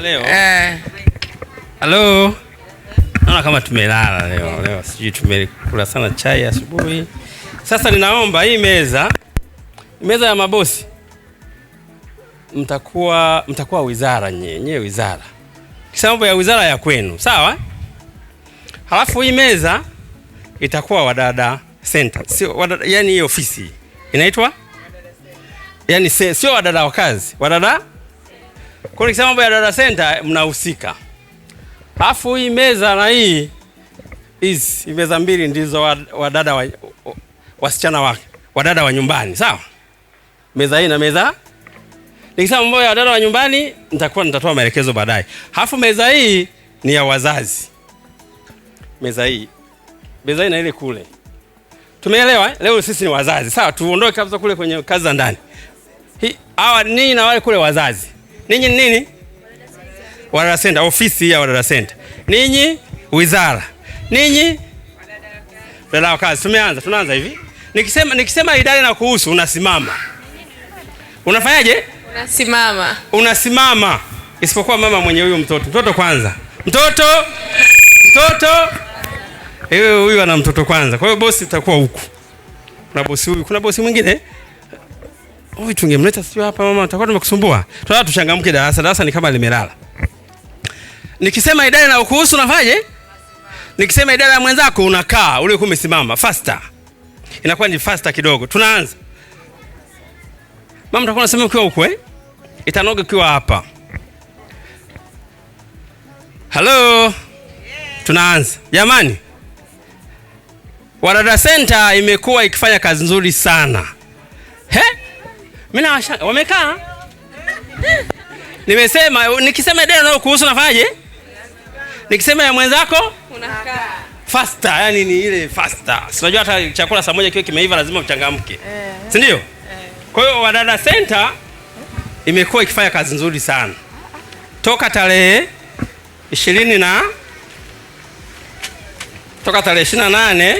leo. Eh. Halo. Naona kama tumelala leo leo, sijui tumekula sana chai asubuhi. Sasa ninaomba hii meza meza ya mabosi mtakuwa mtakuwa wizara nyenye wizara, kisha mambo ya wizara ya kwenu, sawa? Halafu hii meza itakuwa Wadada Center, sio wadada, yani hii ofisi inaitwa yani sio wadada wa kazi, wadada kwa nikisema mambo ya data Center mnahusika. Alafu hii meza na hii is meza mbili ndizo wadada wa, wasichana wa wa, wa wa wa dada nyumbani, sawa? Meza hii na meza. Nikisema mambo ya wadada wa nyumbani nitakuwa nitatoa maelekezo baadaye. Alafu meza hii ni ya wazazi. Meza hii. Meza hii na ile kule. Tumeelewa? eh? Leo sisi ni wazazi. Sawa, tuondoke kabisa kule kwenye kazi za ndani. Hii Hawa ninyi na wale kule wazazi ninyi nini? Wadada Center, ofisi ya Wadada Center. Ninyi wizara, ninyi wadada wa kazi. Tumeanza, tunaanza hivi. Nikisema nikisema idara na kuhusu, unasimama unafanyaje? Unasimama, unasimama, isipokuwa mama mwenye huyu mtoto. Mtoto kwanza, mtoto mtoto, huyu ana mtoto kwanza. Kwa hiyo bosi utakuwa huku, kuna bosi huyu, kuna bosi mwingine eh? Oi, tungemleta sio hapa mama, tutakuwa tumekusumbua. Tunataka tuchangamke darasa. Darasa ni kama limelala. Nikisema idara na ukuhusu unafaje? Nikisema idara ya mwenzako unakaa, ule uko umesimama faster. Inakuwa ni faster kidogo. Tunaanza. Mama mtakuwa nasema ukiwa huko eh? Itanoga ukiwa hapa. Hello. Tunaanza. Jamani. Wadada Center imekuwa ikifanya kazi nzuri sana. He? Mimi na washa wamekaa. Nimesema nikisema dela nao kuhusu nafanyaje? Nikisema ya mwenzako unakaa. Faster, yani ni ile faster. Si unajua hata chakula saa moja kiwe kimeiva lazima mchangamke. Eh. Si ndio? Eh. Kwa hiyo Wadada Center imekuwa ikifanya kazi nzuri sana toka tarehe ishirini na toka tarehe ishirini na nane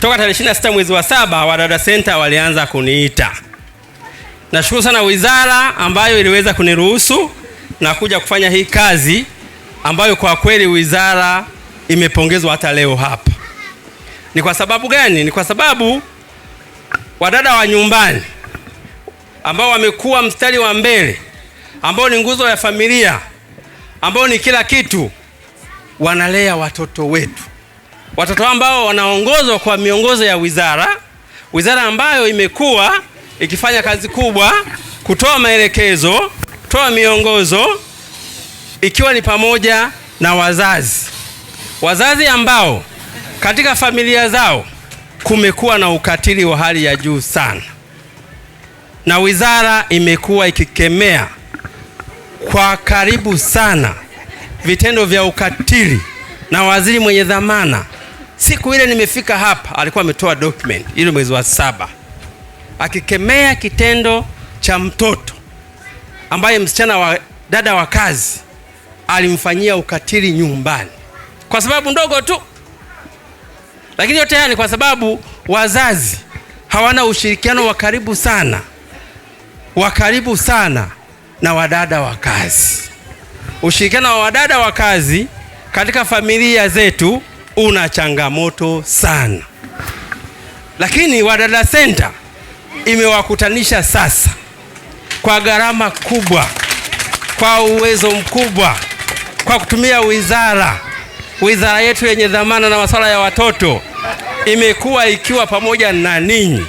toka tarehe ishirini na sita mwezi wa saba Wadada Center walianza kuniita Nashukuru sana wizara ambayo iliweza kuniruhusu na kuja kufanya hii kazi ambayo kwa kweli wizara imepongezwa hata leo hapa. Ni kwa sababu gani? Ni kwa sababu wadada wa nyumbani ambao wamekuwa mstari wa mbele, ambao ni nguzo ya familia, ambao ni kila kitu, wanalea watoto wetu, watoto ambao wanaongozwa kwa miongozo ya wizara, wizara ambayo imekuwa ikifanya kazi kubwa kutoa maelekezo, kutoa miongozo, ikiwa ni pamoja na wazazi, wazazi ambao katika familia zao kumekuwa na ukatili wa hali ya juu sana, na wizara imekuwa ikikemea kwa karibu sana vitendo vya ukatili, na waziri mwenye dhamana siku ile nimefika hapa alikuwa ametoa document ile mwezi wa saba akikemea kitendo cha mtoto ambaye msichana wa dada wa kazi alimfanyia ukatili nyumbani kwa sababu ndogo tu, lakini yote haya ni kwa sababu wazazi hawana ushirikiano wa karibu sana wa karibu sana na wadada wa kazi. Ushirikiano wa wadada wa kazi katika familia zetu una changamoto sana, lakini Wadada Center imewakutanisha sasa kwa gharama kubwa, kwa uwezo mkubwa, kwa kutumia wizara wizara yetu yenye dhamana na masuala ya watoto imekuwa ikiwa pamoja na ninyi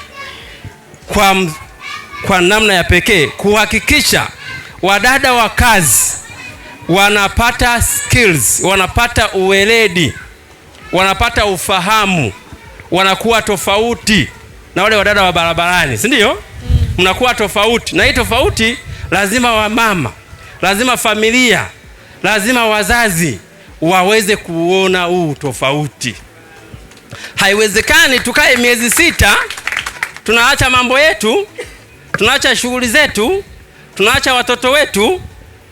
kwa, kwa namna ya pekee kuhakikisha wadada wa kazi wanapata skills, wanapata uweledi, wanapata ufahamu, wanakuwa tofauti na wale wadada wa barabarani, si ndio? Mm. Mnakuwa tofauti, na hii tofauti lazima wamama, lazima familia, lazima wazazi waweze kuona huu tofauti. Haiwezekani tukae miezi sita tunaacha mambo yetu, tunaacha shughuli zetu, tunaacha watoto wetu,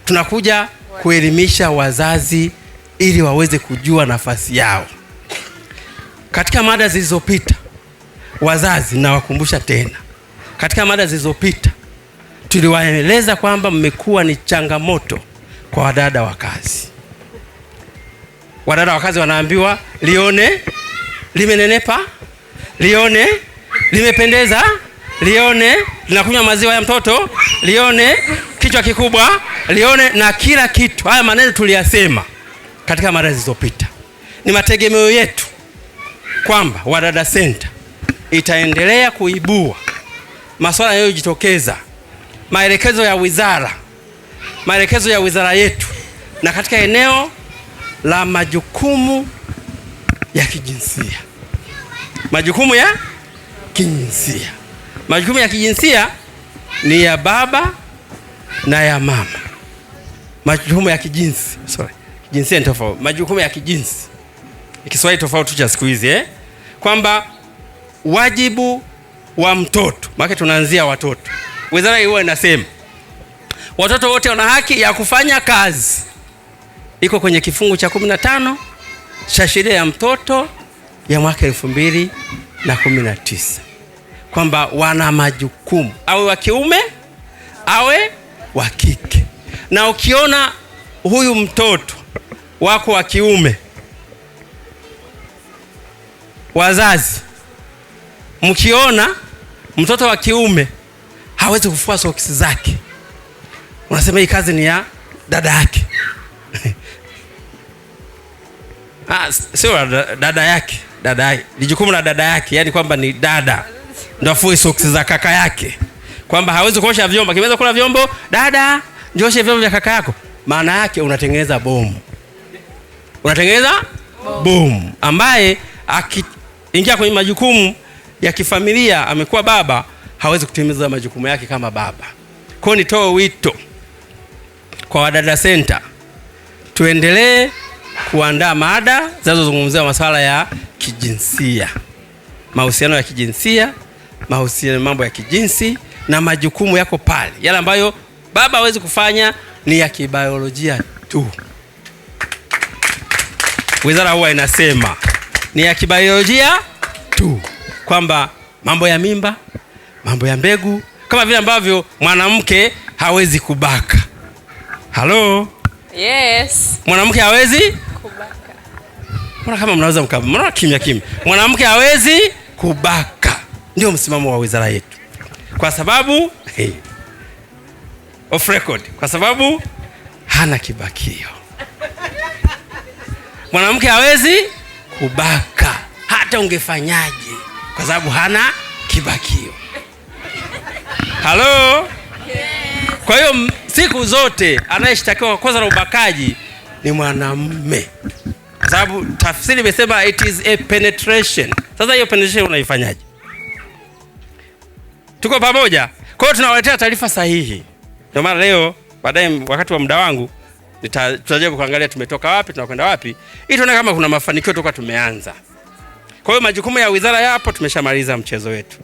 tunakuja kuelimisha wazazi ili waweze kujua nafasi yao. Katika mada zilizopita Wazazi nawakumbusha tena, katika mada zilizopita tuliwaeleza kwamba mmekuwa ni changamoto kwa wadada wa kazi. Wadada wa kazi wanaambiwa lione limenenepa, lione limependeza, lione linakunywa maziwa ya mtoto, lione kichwa kikubwa, lione na kila kitu. Haya maneno tuliyasema katika mara zilizopita. Ni mategemeo yetu kwamba Wadada Senta itaendelea kuibua masuala yanayojitokeza, maelekezo ya wizara, maelekezo ya wizara yetu, na katika eneo la majukumu ya kijinsia, majukumu ya kijinsia, majukumu ya kijinsia ni ya baba na ya mama. Majukumu ya kijinsi, sorry, kijinsia ni tofauti. Majukumu ya kijinsi Kiswahili tofauti cha siku hizi eh, kwamba wajibu wa mtoto, maana tunaanzia watoto. Wizara hiyo inasema watoto wote wana haki ya kufanya kazi, iko kwenye kifungu cha 15 cha sheria ya mtoto ya mwaka 2019 kwamba wana majukumu, awe wa kiume awe wa kike. Na ukiona huyu mtoto wako wa kiume, wazazi mkiona mtoto wa kiume hawezi kufua soksi zake, unasema hii kazi ni ya dada yake. Ah, sio dada yake, dada yake ni jukumu la dada yake, yani kwamba ni dada ndo afue soksi za kaka yake, kwamba hawezi kuosha vyombo. Akiweza kula vyombo, dada njoshe vyombo vya kaka yako. Maana yake unatengeneza bomu, unatengeneza bomu ambaye akiingia kwenye majukumu ya kifamilia amekuwa baba, hawezi kutimiza majukumu yake kama baba. Kwa hiyo nitoe wito kwa Wadada Center, tuendelee kuandaa mada zinazozungumzia masuala ya kijinsia, mahusiano ya kijinsia, mahusiano, mambo ya kijinsi na majukumu yako pale, yale ambayo baba hawezi kufanya ni ya kibiolojia tu. Wizara huwa inasema ni ya kibiolojia tu kwamba mambo ya mimba, mambo ya mbegu, kama vile ambavyo mwanamke hawezi kubaka. Halo, yes, mwanamke hawezi kubaka. Mbona kama mnaweza mkaba, kimya kimya. Mwanamke hawezi kubaka, ndio msimamo wa wizara yetu, kwa sababu hey, off record, kwa sababu hana kibakio. Mwanamke hawezi kubaka, hata ungefanyaje kwa sababu hana kibakio. Halo, kwa hiyo siku zote anayeshtakiwa kwa kosa la ubakaji ni mwanamme, kwa sababu tafsiri imesema it is a penetration. Sasa hiyo penetration unaifanyaje? Tuko pamoja? Kwa hiyo tunawaletea taarifa sahihi. Ndio maana leo baadaye, wakati wa muda wangu, tutajaribu kuangalia tumetoka wapi, tunakwenda wapi, ili tuone kama kuna mafanikio toka tumeanza. Kwa hiyo majukumu ya wizara yapo, tumeshamaliza mchezo wetu.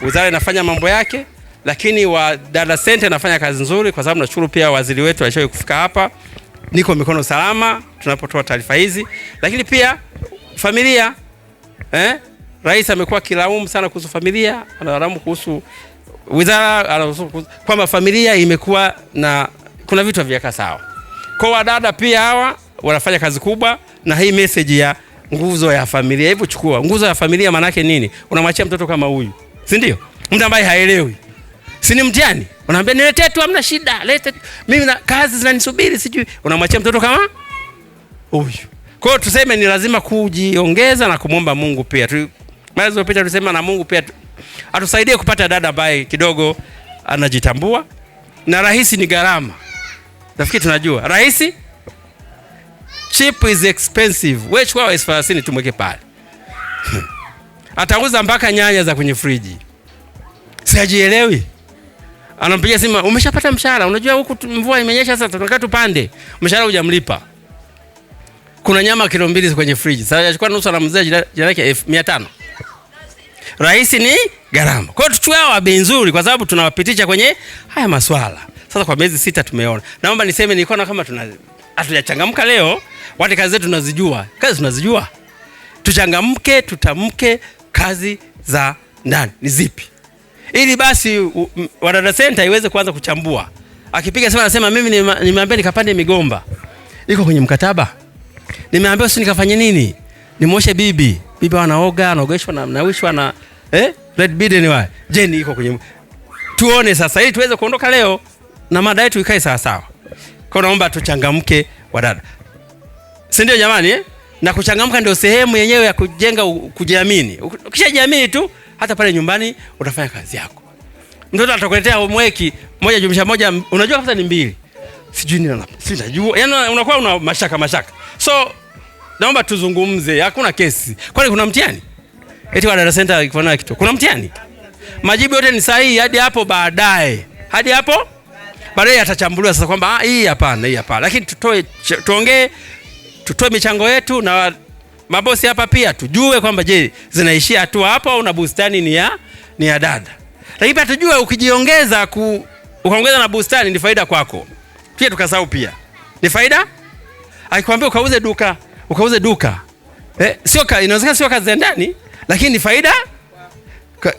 Wizara inafanya mambo yake, lakini wa data center inafanya kazi nzuri, kwa sababu nashukuru pia waziri wetu alishawahi kufika hapa, niko mikono salama tunapotoa taarifa hizi, lakini pia familia eh? Rais amekuwa kilaumu sana kuhusu familia, analaumu kuhusu wizara kwamba familia imekuwa na kuna vitu havijakaa sawa. Kwa wadada pia hawa wanafanya kazi kubwa, na hii message ya nguzo ya familia. Hebu chukua nguzo ya familia, maana yake nini? Unamwachia mtoto kama huyu, si ndio? Mtu ambaye haelewi, si ni mtihani. Unaambia niletee tu, hamna shida, lete mimi na kazi zinanisubiri, sijui. Unamwachia mtoto kama huyu. Kwa hiyo tuseme ni lazima kujiongeza na kumwomba Mungu pia tu. Mara zilizopita tulisema na Mungu pia atusaidie kupata dada ambaye kidogo anajitambua na rahisi. Ni gharama, nafikiri tunajua rahisi cheap is expensive. Wewe chukua elfu thelathini tumweke pale atauza mpaka nyanya za kwenye friji. Siajielewi, anampigia simu, umeshapata mshahara? Unajua huku mvua imenyesha, sasa tunataka tupande. Mshahara hujamlipa, kuna nyama kilo mbili kwenye friji. Sasa achukua nusu, na mzee jirani yake mia tano. Rahisi ni gharama. Kwa hiyo tuchukue wa bei nzuri, kwa sababu tunawapitisha kwenye haya maswala. Sasa kwa miezi sita tumeona, naomba niseme, nilikuwa na kama tuna hatujachangamka leo, wate kazi zetu tunazijua, kazi tunazijua, tuchangamke, tutamke kazi za ndani ni zipi, ili basi Wadada senta iweze kuanza kuchambua. Akipiga sema, anasema mimi nimeambia nikapande migomba, iko kwenye mkataba, nimeambia si nikafanye nini, nimoshe bibi bibi, wanaoga anaogeshwa na nawishwa na eh, Red Biden wa jeni iko kwenye, tuone sasa, ili tuweze kuondoka leo na mada yetu ikae sawa sawa. Kwa naomba tuchangamke wadada, si ndio jamani eh? Na kuchangamka ndio sehemu yenyewe ya kujenga kujiamini. Ukishajiamini tu hata pale nyumbani utafanya kazi yako, mtoto atakuletea homework moja jumlisha moja, unajua kabisa ni mbili, sijui nini, na si najua, yaani unakuwa una mashaka mashaka. So naomba tuzungumze, hakuna kesi. Kwani kuna mtihani eti Wadada Center ikifanya kitu? Kuna mtihani? Majibu yote ni sahihi hadi hapo baadaye, hadi hapo baadaye atachambuliwa sasa kwamba ah, hii hapana, hii hapana. Lakini tutoe tuongee, tutoe michango yetu na mabosi hapa pia tujue kwamba je, zinaishia tu hapo au na bustani ni ya ni ya dada. Lakini pia tujue ukijiongeza ku ukaongeza na bustani ni faida kwako pia, tukasahau pia ni faida. Akikwambia ukauze duka ukauze duka eh, sio inawezekana sio kazi ndani, lakini ni faida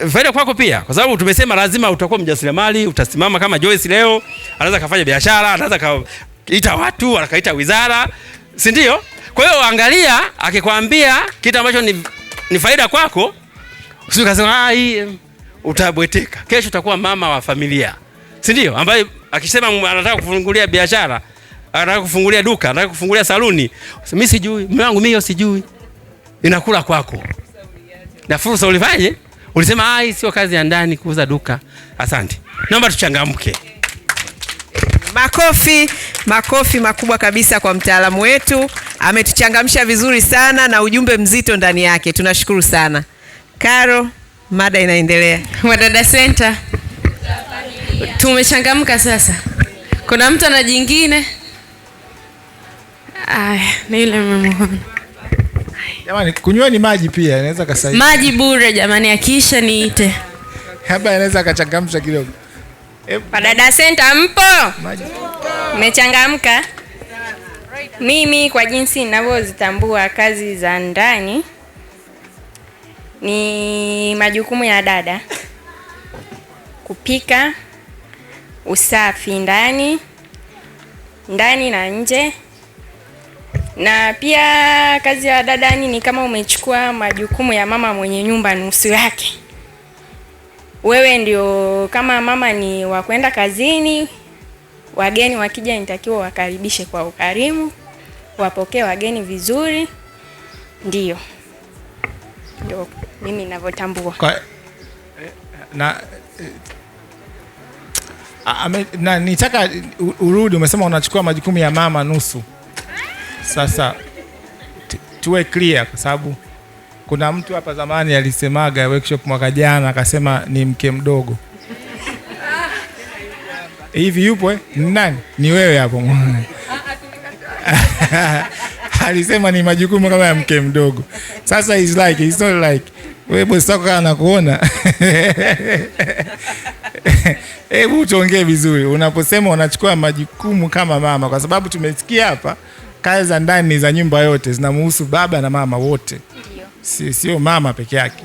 faida kwako pia, kwa sababu tumesema lazima utakuwa mjasiriamali, utasimama kama Joyce leo, anaweza kafanya biashara, anaweza kaita watu, akaita wizara, si ndio? Kwa hiyo angalia, akikwambia kitu ambacho ni, ni faida kwako, usikasema ai, utabweteka. Kesho utakuwa mama wa familia, si ndio? Ambaye akisema anataka kufungulia biashara, anataka kufungulia duka, anataka kufungulia saluni, mimi sijui, mwanangu mimi sijui, inakula kwako na fursa ulifanye Ulisema ai, sio kazi ya ndani kuuza duka. Asante, naomba tuchangamke. Makofi, makofi makubwa kabisa kwa mtaalamu wetu, ametuchangamsha vizuri sana na ujumbe mzito ndani yake. Tunashukuru sana Karo, mada inaendelea. Wadada Center tumechangamka sasa. Kuna mtu ana jingine? Aya, ni yule mmemwona Jamani, ni maji pia inaweza kasaidia. Maji bure jamani, akiisha niite. Hapa anaweza akachangamsha kidogo. Padada Center mpo? Maji. Mimi kwa jinsi ninavyozitambua kazi za ndani ni majukumu ya dada: kupika, usafi ndani ndani na nje, na pia kazi ya dada ni ni kama umechukua majukumu ya mama mwenye nyumba nusu yake. Wewe ndio kama mama ni wa kwenda kazini, wageni wakija nitakiwa wakaribishe kwa ukarimu, wapokee wageni vizuri. Ndio, ndio mimi ninavyotambua eh, na, eh, na, nitaka urudi, umesema unachukua majukumu ya mama nusu sasa tuwe clear, kwa sababu kuna mtu hapa zamani alisemaga workshop mwaka jana akasema ni mke mdogo hivi. Yupo eh? Nani? Ni wewe hapo alisema ni majukumu kama ya mke mdogo. Sasa is like it's not like wewe bosi wako Hebu tuongee vizuri, unaposema unachukua majukumu kama mama, kwa sababu tumesikia hapa kazi za ndani za nyumba yote zinamhusu baba na mama wote, sio mama peke yake.